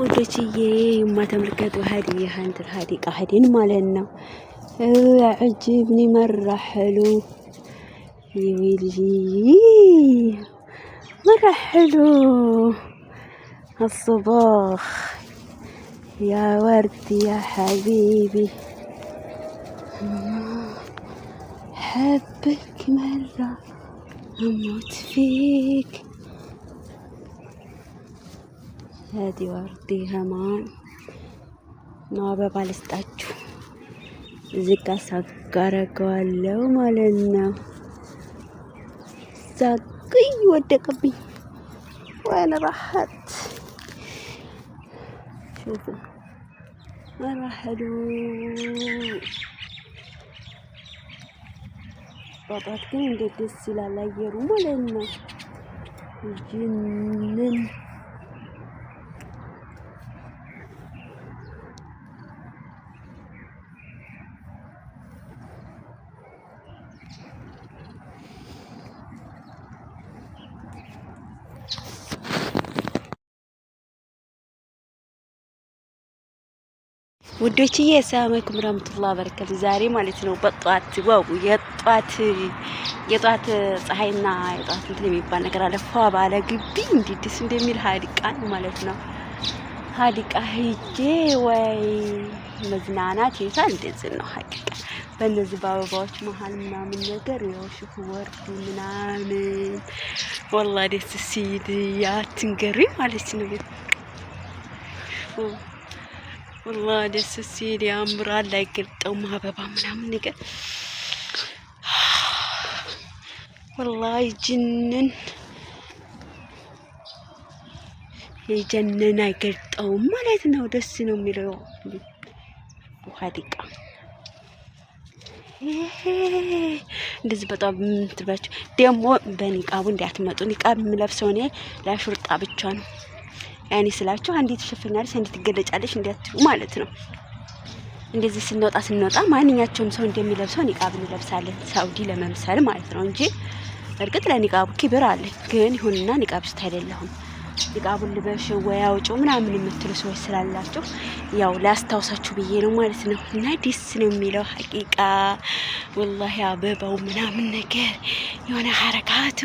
ወዶችዬ እማ ተመልከቱ፣ ሀዲያ ሀንድር ሀዲቃ ሀዲን ማለት ነው። አዕጅብኒ መራሕሉ ይብል መራሕሉ الصباخ يا ورد يا حبيبي حبك مرة أموت فيك ለዲዋርዲ ህማም ነው አበባ ልስጣችሁ። እዚህ ሳግ አረገዋለሁ ማለት ነው። ሳግኝ ወደቅብኝ። ወይን ራሀት ራሀዱ ግን እንዴት ደስ ይላል አየሩ ማለት ነው። ይህንን ውዶችዬ ሰላም አለይኩም ረህመቱላሂ በረካቱ። ዛሬ ማለት ነው በጧት ወው የጧት የጧት ፀሐይና የጧት እንትን የሚባል ነገር አለ። ፏ ባለ ግቢ እንዴት እንደሚል ሀዲቃን ማለት ነው ሀዲቃ ሂጄ ወይ መዝናናት ይታል እንደዚህ ነው ሀዲቃ በእነዚህ በአበባዎች መሀል ምናምን ነገር ያው ወርድ ምናምን ወላ ደስ ሲል ያትንገሪ ማለት ነው ወላ ደስ ሲል ያምራል። አይገልጠውም አበባ ምናምን ነገር ወላ ይጅንን የጀነን አይገልጠውም ማለት ነው። ደስ ነው የሚለው ውሃ እንደዚህ በጣም የምትባቸው ደግሞ በኒቃቡ እንዳትመጡ። ኒቃብ የምለብሰው እኔ ለሹርጣ ብቻ ነው። ያኔ ስላችሁ አንዴ ትሸፍኛለች፣ አንዴ ትገለጫለች እንዲያትሉ ማለት ነው። እንደዚህ ስንወጣ ስንወጣ ማንኛቸውም ሰው እንደሚለብሰው ኒቃብ እንለብሳለን፣ ሳውዲ ለመምሰል ማለት ነው እንጂ እርግጥ ለኒቃቡ ክብር አለ። ግን ይሁንና ኒቃብ ውስጥ አይደለሁም። ኒቃቡን ልበሽ ወይ አውጪው ምናምን የምትሉ ሰዎች ስላላችሁ ያው ላስታውሳችሁ ብዬ ነው ማለት ነው። እና ደስ ነው የሚለው ሀቂቃ ወላ አበባው ምናምን ነገር የሆነ ሀረካቱ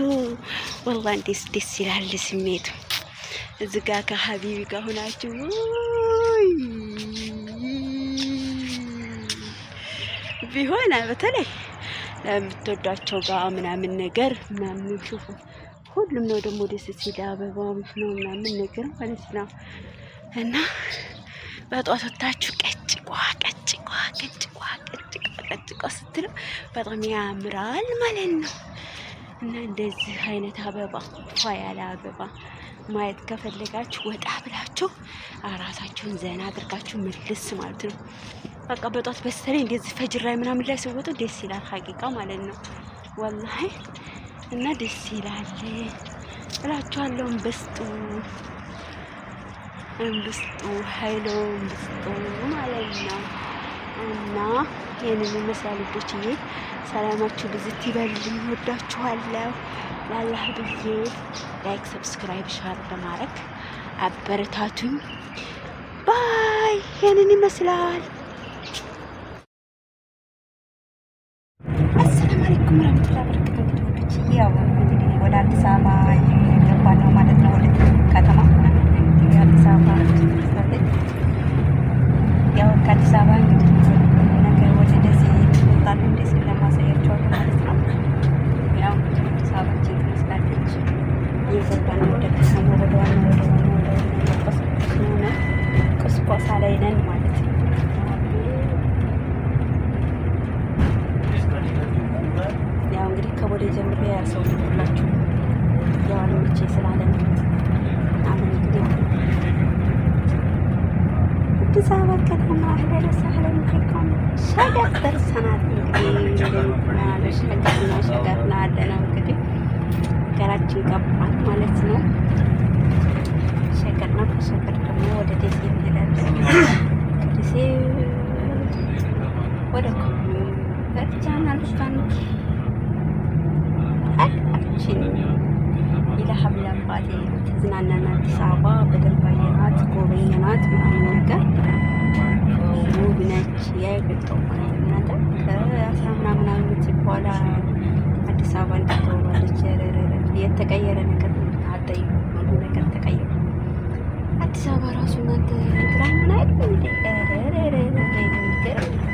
ወላሂ ደስ ደስ ይላል ስሜቱ። እዚህ ጋ ከሀቢቢ ጋ ሆናችሁ ቢሆን በተለይ ለምትወዷቸው ጋር ምናምን ነገር ምናምን ሹፉ ሁሉም ነው ደግሞ ደስ ሲል አበባም ነው ምናምን ነገር ማለት ነው እና በጧት ወታችሁ ቀጭቋ ቀጭቋ ቀጭቋ ቀጭቋ ቀጭቋ ስትለው በጣም ያምራል ማለት ነው እና እንደዚህ አይነት አበባ ፏ ያለ አበባ ማየት ከፈለጋችሁ ወጣ ብላችሁ አራታችሁን ዘና አድርጋችሁ ምልስ ማለት ነው። በቃ በጧት በስተላይ እንደዚህ ፈጅር ላይ ምናምን ላይ ሲወጡ ደስ ይላል። ሀቂቃ ማለት ነው ወላሂ እና ደስ ይላል እላችኋለሁ። እንብስጡ እንብስጡ ሀይሎ እንብስጡ ማለት ነው እና ይህንን መሳያ ልጆችዬ ሰላማችሁ ብዝት ይበልልኝ። ወዳችኋለሁ። ላላህ ብዬ ላይክ፣ ሰብስክራይብ፣ ሻር በማድረግ አበረታቱኝ። ባይ ይህንን ይመስላል። አሰላም አለይኩም ረመቱላ በረከቱ። ያው እንግዲህ ወደ አዲስ አበባ የሚገባ ነው ጀምሬ ያሰው ሁላችሁ ልቼ ስላለ አዲስ አበባ ከተማ አህለን ሳህለን ቢኩም ሸገር ደርሰናል። እንግዲህ ሸገርና እንግዲህ ሀገራችን ቀባል ማለት ነው። ሸገር ነው። ከሸገር ደግሞ ወደ ደሴ ይሄዳል። ደሴ ወደ ብቻ ናልስታንኪ ሀብል አባቴ ተዝናናን። አዲስ አበባ በደንብ አየናት፣ ጎበኘናት ምናምን ነገር ውብ ነች። ያይገጠው እናንተ ከአስራ ምናምን ዓመት በኋላ አዲስ አበባ እንድትወባለች የተቀየረ ነገር አጠይቁ ነገር ተቀየረ። አዲስ አበባ ራሱ እናንተ ትላንትና የሚገርም ነው ተቀይራለች።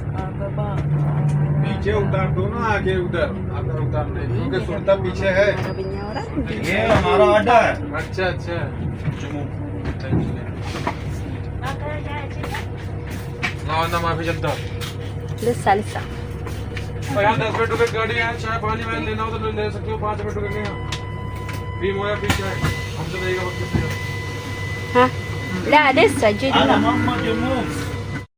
पीछे उतार दो ना आगे उधर अगर उतारने क्योंकि सुनता पीछे है ये हमारा अड्डा है अच्छा अच्छा हाँ, ना माफी चलता दस मिनट गाड़ी है चाय पानी लेना हो तो ले सकते हो पांच मिनट पी मोया पी चाय वक्त तो हाँ मम्मा